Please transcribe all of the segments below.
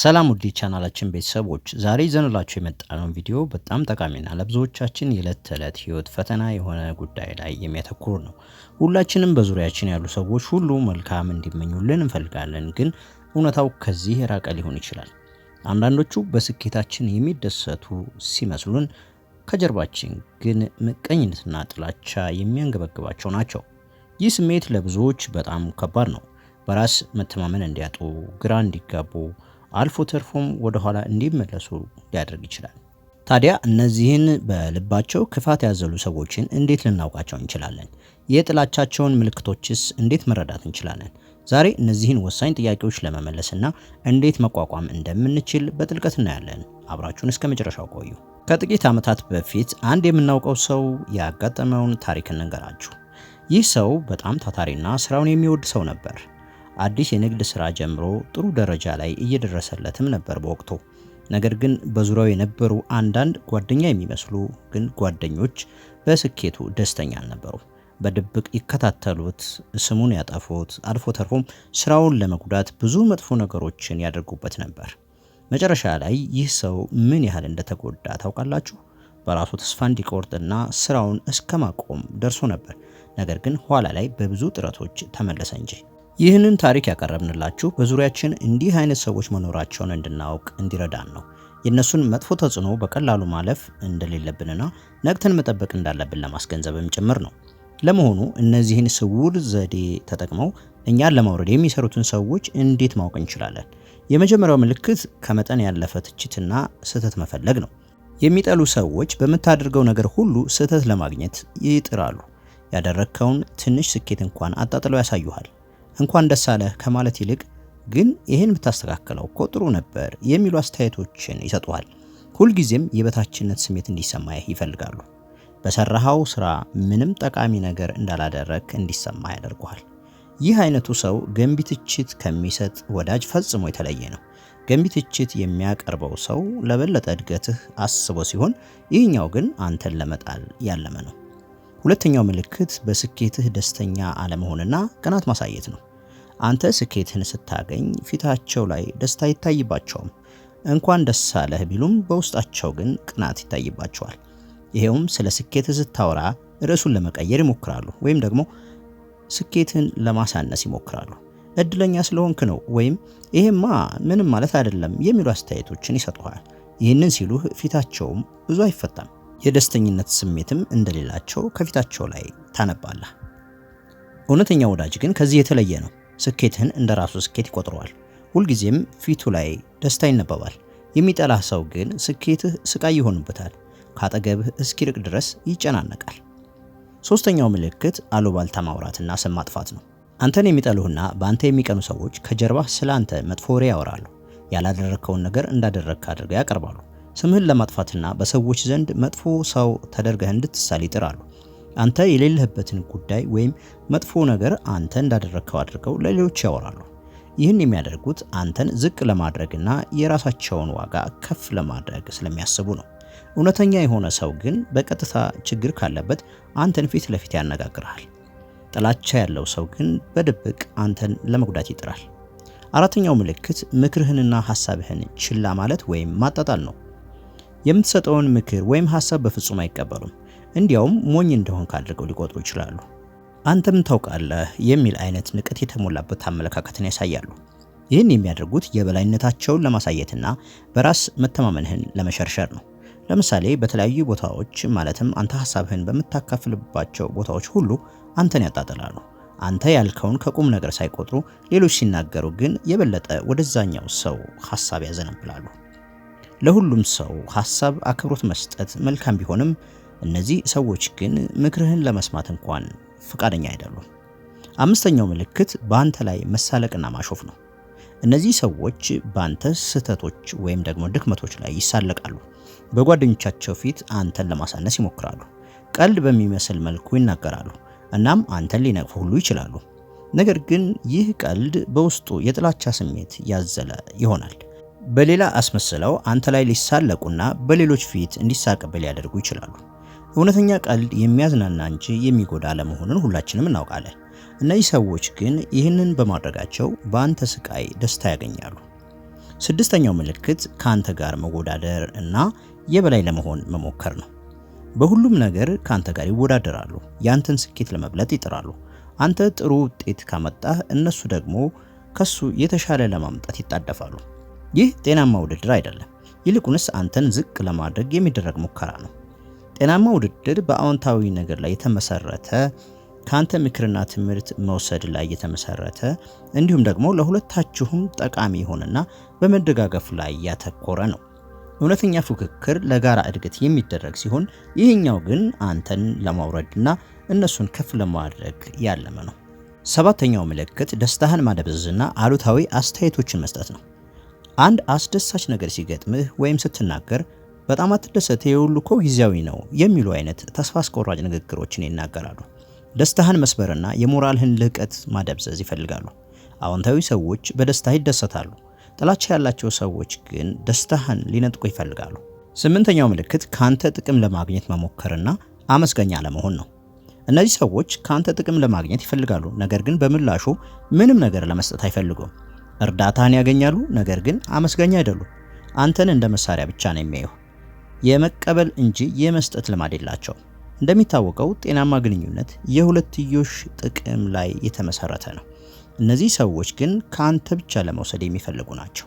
ሰላም ውድ ቻናላችን ቤተሰቦች ዛሬ ይዘንላችሁ የመጣነው ቪዲዮ በጣም ጠቃሚና ለብዙዎቻችን የዕለት ተዕለት ህይወት ፈተና የሆነ ጉዳይ ላይ የሚያተኩር ነው። ሁላችንም በዙሪያችን ያሉ ሰዎች ሁሉ መልካም እንዲመኙልን እንፈልጋለን፣ ግን እውነታው ከዚህ የራቀ ሊሆን ይችላል። አንዳንዶቹ በስኬታችን የሚደሰቱ ሲመስሉን፣ ከጀርባችን ግን ምቀኝነትና ጥላቻ የሚያንገበግባቸው ናቸው። ይህ ስሜት ለብዙዎች በጣም ከባድ ነው። በራስ መተማመን እንዲያጡ፣ ግራ እንዲጋቡ አልፎ ተርፎም ወደኋላ እንዲመለሱ ሊያደርግ ይችላል። ታዲያ እነዚህን በልባቸው ክፋት ያዘሉ ሰዎችን እንዴት ልናውቃቸው እንችላለን? የጥላቻቸውን ምልክቶችስ እንዴት መረዳት እንችላለን? ዛሬ እነዚህን ወሳኝ ጥያቄዎች ለመመለስና እንዴት መቋቋም እንደምንችል በጥልቀት እናያለን። አብራችሁን እስከ መጨረሻው ቆዩ። ከጥቂት ዓመታት በፊት አንድ የምናውቀው ሰው ያጋጠመውን ታሪክ እንንገራችሁ። ይህ ሰው በጣም ታታሪና ስራውን የሚወድ ሰው ነበር። አዲስ የንግድ ስራ ጀምሮ ጥሩ ደረጃ ላይ እየደረሰለትም ነበር በወቅቱ። ነገር ግን በዙሪያው የነበሩ አንዳንድ ጓደኛ የሚመስሉ ግን ጓደኞች በስኬቱ ደስተኛ አልነበሩም። በድብቅ ይከታተሉት፣ ስሙን ያጠፉት፣ አልፎ ተርፎም ስራውን ለመጉዳት ብዙ መጥፎ ነገሮችን ያደርጉበት ነበር። መጨረሻ ላይ ይህ ሰው ምን ያህል እንደተጎዳ ታውቃላችሁ? በራሱ ተስፋ እንዲቆርጥና ስራውን እስከ ማቆም ደርሶ ነበር። ነገር ግን ኋላ ላይ በብዙ ጥረቶች ተመለሰ እንጂ ይህንን ታሪክ ያቀረብንላችሁ በዙሪያችን እንዲህ አይነት ሰዎች መኖራቸውን እንድናውቅ እንዲረዳን ነው። የእነሱን መጥፎ ተጽዕኖ በቀላሉ ማለፍ እንደሌለብንና ነቅተን መጠበቅ እንዳለብን ለማስገንዘብም ጭምር ነው። ለመሆኑ እነዚህን ስውር ዘዴ ተጠቅመው እኛን ለማውረድ የሚሰሩትን ሰዎች እንዴት ማወቅ እንችላለን? የመጀመሪያው ምልክት ከመጠን ያለፈ ትችትና ስህተት መፈለግ ነው። የሚጠሉ ሰዎች በምታደርገው ነገር ሁሉ ስህተት ለማግኘት ይጥራሉ። ያደረግከውን ትንሽ ስኬት እንኳን አጣጥለው ያሳዩሃል። እንኳን ደስ አለህ ከማለት ይልቅ ግን ይህን ብታስተካከለው እኮ ጥሩ ነበር የሚሉ አስተያየቶችን ይሰጠዋል። ሁልጊዜም የበታችነት ስሜት እንዲሰማህ ይፈልጋሉ። በሰራሃው ስራ ምንም ጠቃሚ ነገር እንዳላደረክ እንዲሰማ ያደርገዋል! ይህ አይነቱ ሰው ገንቢ ትችት ከሚሰጥ ወዳጅ ፈጽሞ የተለየ ነው። ገንቢ ትችት የሚያቀርበው ሰው ለበለጠ እድገትህ አስቦ ሲሆን፣ ይህኛው ግን አንተን ለመጣል ያለመ ነው። ሁለተኛው ምልክት በስኬትህ ደስተኛ አለመሆንና ቅናት ማሳየት ነው። አንተ ስኬትን ስታገኝ ፊታቸው ላይ ደስታ አይታይባቸውም። እንኳን ደስ አለህ ቢሉም በውስጣቸው ግን ቅናት ይታይባቸዋል። ይሄውም ስለ ስኬት ስታወራ ርዕሱን ለመቀየር ይሞክራሉ ወይም ደግሞ ስኬትን ለማሳነስ ይሞክራሉ። እድለኛ ስለሆንክ ነው ወይም ይሄማ ምንም ማለት አይደለም የሚሉ አስተያየቶችን ይሰጡሃል። ይህንን ሲሉህ ፊታቸውም ብዙ አይፈታም። የደስተኝነት ስሜትም እንደሌላቸው ከፊታቸው ላይ ታነባለህ። እውነተኛ ወዳጅ ግን ከዚህ የተለየ ነው። ስኬትን እንደ ራሱ ስኬት ይቆጥረዋል። ሁልጊዜም ፊቱ ላይ ደስታ ይነበባል። የሚጠላህ ሰው ግን ስኬትህ ስቃይ ይሆንበታል። ካጠገብህ እስኪርቅ ድረስ ይጨናነቃል። ሶስተኛው ምልክት አሉባልታ ማውራትና ስም ማጥፋት ነው። አንተን የሚጠሉህና በአንተ የሚቀኑ ሰዎች ከጀርባህ ስለ አንተ መጥፎ ወሬ ያወራሉ። ያላደረግከውን ነገር እንዳደረግክ አድርገው ያቀርባሉ። ስምህን ለማጥፋትና በሰዎች ዘንድ መጥፎ ሰው ተደርገህ እንድትሳል ይጥራሉ። አንተ የሌለህበትን ጉዳይ ወይም መጥፎ ነገር አንተ እንዳደረግከው አድርገው ለሌሎች ያወራሉ። ይህን የሚያደርጉት አንተን ዝቅ ለማድረግና የራሳቸውን ዋጋ ከፍ ለማድረግ ስለሚያስቡ ነው። እውነተኛ የሆነ ሰው ግን በቀጥታ ችግር ካለበት አንተን ፊት ለፊት ያነጋግርሃል። ጥላቻ ያለው ሰው ግን በድብቅ አንተን ለመጉዳት ይጥራል። አራተኛው ምልክት ምክርህንና ሐሳብህን ችላ ማለት ወይም ማጣጣል ነው። የምትሰጠውን ምክር ወይም ሐሳብ በፍጹም አይቀበሉም። እንዲያውም ሞኝ እንደሆን አድርገው ሊቆጥሩ ይችላሉ። አንተም ታውቃለህ የሚል አይነት ንቀት የተሞላበት አመለካከትን ያሳያሉ። ይህን የሚያደርጉት የበላይነታቸውን ለማሳየትና በራስ መተማመንህን ለመሸርሸር ነው። ለምሳሌ በተለያዩ ቦታዎች ማለትም አንተ ሀሳብህን በምታካፍልባቸው ቦታዎች ሁሉ አንተን ያጣጥላሉ። አንተ ያልከውን ከቁም ነገር ሳይቆጥሩ ሌሎች ሲናገሩ ግን የበለጠ ወደዛኛው ሰው ሀሳብ ያዘነብላሉ። ለሁሉም ሰው ሀሳብ አክብሮት መስጠት መልካም ቢሆንም እነዚህ ሰዎች ግን ምክርህን ለመስማት እንኳን ፈቃደኛ አይደሉም። አምስተኛው ምልክት በአንተ ላይ መሳለቅና ማሾፍ ነው። እነዚህ ሰዎች በአንተ ስህተቶች ወይም ደግሞ ድክመቶች ላይ ይሳለቃሉ። በጓደኞቻቸው ፊት አንተን ለማሳነስ ይሞክራሉ። ቀልድ በሚመስል መልኩ ይናገራሉ፣ እናም አንተን ሊነቅፉ ሁሉ ይችላሉ። ነገር ግን ይህ ቀልድ በውስጡ የጥላቻ ስሜት ያዘለ ይሆናል። በሌላ አስመስለው አንተ ላይ ሊሳለቁና በሌሎች ፊት እንዲሳቅብ ሊያደርጉ ይችላሉ። እውነተኛ ቀልድ የሚያዝናና እንጂ የሚጎዳ አለመሆኑን ሁላችንም እናውቃለን። እነዚህ ሰዎች ግን ይህንን በማድረጋቸው በአንተ ስቃይ ደስታ ያገኛሉ። ስድስተኛው ምልክት ከአንተ ጋር መወዳደር እና የበላይ ለመሆን መሞከር ነው። በሁሉም ነገር ከአንተ ጋር ይወዳደራሉ። ያንተን ስኬት ለመብለጥ ይጥራሉ። አንተ ጥሩ ውጤት ካመጣህ እነሱ ደግሞ ከሱ የተሻለ ለማምጣት ይጣደፋሉ። ይህ ጤናማ ውድድር አይደለም። ይልቁንስ አንተን ዝቅ ለማድረግ የሚደረግ ሙከራ ነው። ጤናማ ውድድር በአዎንታዊ ነገር ላይ የተመሰረተ ከአንተ ምክርና ትምህርት መውሰድ ላይ የተመሰረተ እንዲሁም ደግሞ ለሁለታችሁም ጠቃሚ የሆነና በመደጋገፍ ላይ ያተኮረ ነው። እውነተኛ ፉክክር ለጋራ እድገት የሚደረግ ሲሆን፣ ይህኛው ግን አንተን ለማውረድና እነሱን ከፍ ለማድረግ ያለመ ነው። ሰባተኛው ምልክት ደስታህን ማደብዘዝና አሉታዊ አስተያየቶችን መስጠት ነው። አንድ አስደሳች ነገር ሲገጥምህ ወይም ስትናገር በጣም አትደሰት፣ የሁሉ ሁሉ እኮ ጊዜያዊ ነው የሚሉ አይነት ተስፋ አስቆራጭ ንግግሮችን ይናገራሉ። ደስታህን መስበርና የሞራልህን ልህቀት ማደብዘዝ ይፈልጋሉ። አዎንታዊ ሰዎች በደስታ ይደሰታሉ። ጥላቻ ያላቸው ሰዎች ግን ደስታህን ሊነጥቁ ይፈልጋሉ። ስምንተኛው ምልክት ከአንተ ጥቅም ለማግኘት መሞከርና አመስገኛ ለመሆን ነው። እነዚህ ሰዎች ከአንተ ጥቅም ለማግኘት ይፈልጋሉ፣ ነገር ግን በምላሹ ምንም ነገር ለመስጠት አይፈልጉም። እርዳታህን ያገኛሉ፣ ነገር ግን አመስገኛ አይደሉም። አንተን እንደ መሳሪያ ብቻ ነው የሚያዩ የመቀበል እንጂ የመስጠት ልማድ የላቸው። እንደሚታወቀው ጤናማ ግንኙነት የሁለትዮሽ ጥቅም ላይ የተመሰረተ ነው። እነዚህ ሰዎች ግን ከአንተ ብቻ ለመውሰድ የሚፈልጉ ናቸው።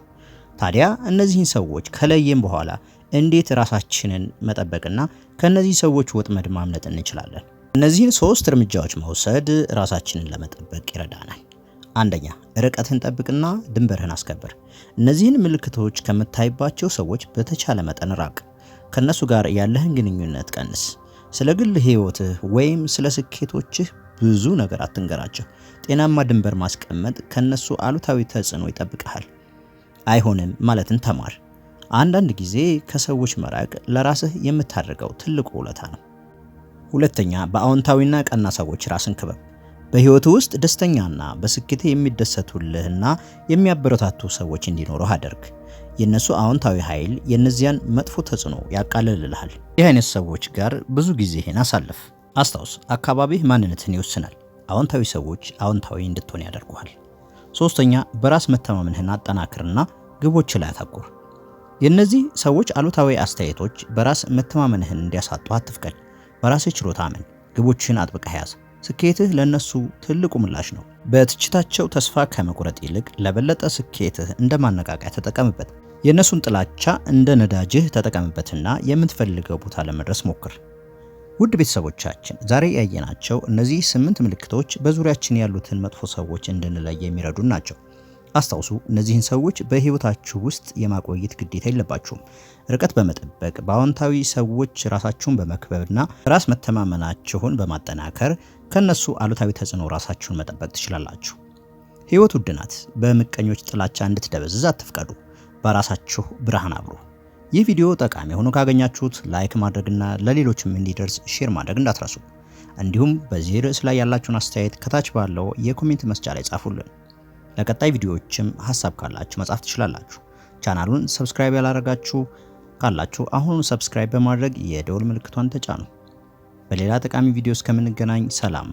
ታዲያ እነዚህን ሰዎች ከለየም በኋላ እንዴት ራሳችንን መጠበቅና ከእነዚህ ሰዎች ወጥመድ ማምለጥ እንችላለን? እነዚህን ሶስት እርምጃዎች መውሰድ ራሳችንን ለመጠበቅ ይረዳናል። አንደኛ፣ ርቀትን ጠብቅና ድንበርህን አስከብር። እነዚህን ምልክቶች ከምታይባቸው ሰዎች በተቻለ መጠን ራቅ። ከነሱ ጋር ያለህን ግንኙነት ቀንስ። ስለ ግል ህይወትህ ወይም ስለ ስኬቶችህ ብዙ ነገር አትንገራቸው። ጤናማ ድንበር ማስቀመጥ ከነሱ አሉታዊ ተጽዕኖ ይጠብቀሃል። አይሆንም ማለትን ተማር። አንዳንድ ጊዜ ከሰዎች መራቅ ለራስህ የምታደርገው ትልቁ ውለታ ነው። ሁለተኛ፣ በአዎንታዊና ቀና ሰዎች ራስን ክበብ። በህይወት ውስጥ ደስተኛና በስኬት የሚደሰቱልህና የሚያበረታቱ ሰዎች እንዲኖሩህ አደርግ። የእነሱ አዎንታዊ ኃይል የእነዚያን መጥፎ ተጽዕኖ ያቃልልልሃል። ይህ አይነት ሰዎች ጋር ብዙ ጊዜህን አሳልፍ። አስታውስ፣ አካባቢህ ማንነትን ይወስናል። አዎንታዊ ሰዎች አዎንታዊ እንድትሆን ያደርጉሃል። ሶስተኛ፣ በራስ መተማመንህን አጠናክርና ግቦች ላይ አተኩር። የእነዚህ ሰዎች አሉታዊ አስተያየቶች በራስ መተማመንህን እንዲያሳጡ አትፍቀድ። በራስህ ችሎታ አመን። ግቦችህን አጥብቀህ ያዝ። ስኬትህ ለእነሱ ትልቁ ምላሽ ነው። በትችታቸው ተስፋ ከመቁረጥ ይልቅ ለበለጠ ስኬትህ እንደ ማነቃቂያ ተጠቀምበት። የእነሱን ጥላቻ እንደ ነዳጅህ ተጠቀምበትና የምትፈልገው ቦታ ለመድረስ ሞክር። ውድ ቤተሰቦቻችን ዛሬ ያየናቸው እነዚህ ስምንት ምልክቶች በዙሪያችን ያሉትን መጥፎ ሰዎች እንድንለይ የሚረዱን ናቸው። አስታውሱ፣ እነዚህን ሰዎች በህይወታችሁ ውስጥ የማቆየት ግዴታ የለባችሁም። ርቀት በመጠበቅ በአዎንታዊ ሰዎች ራሳችሁን በመክበብና ራስ መተማመናችሁን በማጠናከር ከነሱ አሉታዊ ተጽዕኖ ራሳችሁን መጠበቅ ትችላላችሁ። ህይወት ውድ ናት። በምቀኞች ጥላቻ እንድትደበዝዝ አትፍቀዱ። በራሳችሁ ብርሃን አብሩ። ይህ ቪዲዮ ጠቃሚ ሆኖ ካገኛችሁት ላይክ ማድረግና ለሌሎችም እንዲደርስ ሼር ማድረግ እንዳትረሱ። እንዲሁም በዚህ ርዕስ ላይ ያላችሁን አስተያየት ከታች ባለው የኮሜንት መስጫ ላይ ጻፉልን። ለቀጣይ ቪዲዮዎችም ሀሳብ ካላችሁ መጻፍ ትችላላችሁ። ቻናሉን ሰብስክራይብ ያላረጋችሁ ካላችሁ አሁኑን ሰብስክራይብ በማድረግ የደወል ምልክቷን ተጫኑ። በሌላ ጠቃሚ ቪዲዮ እስከምንገናኝ ሰላም።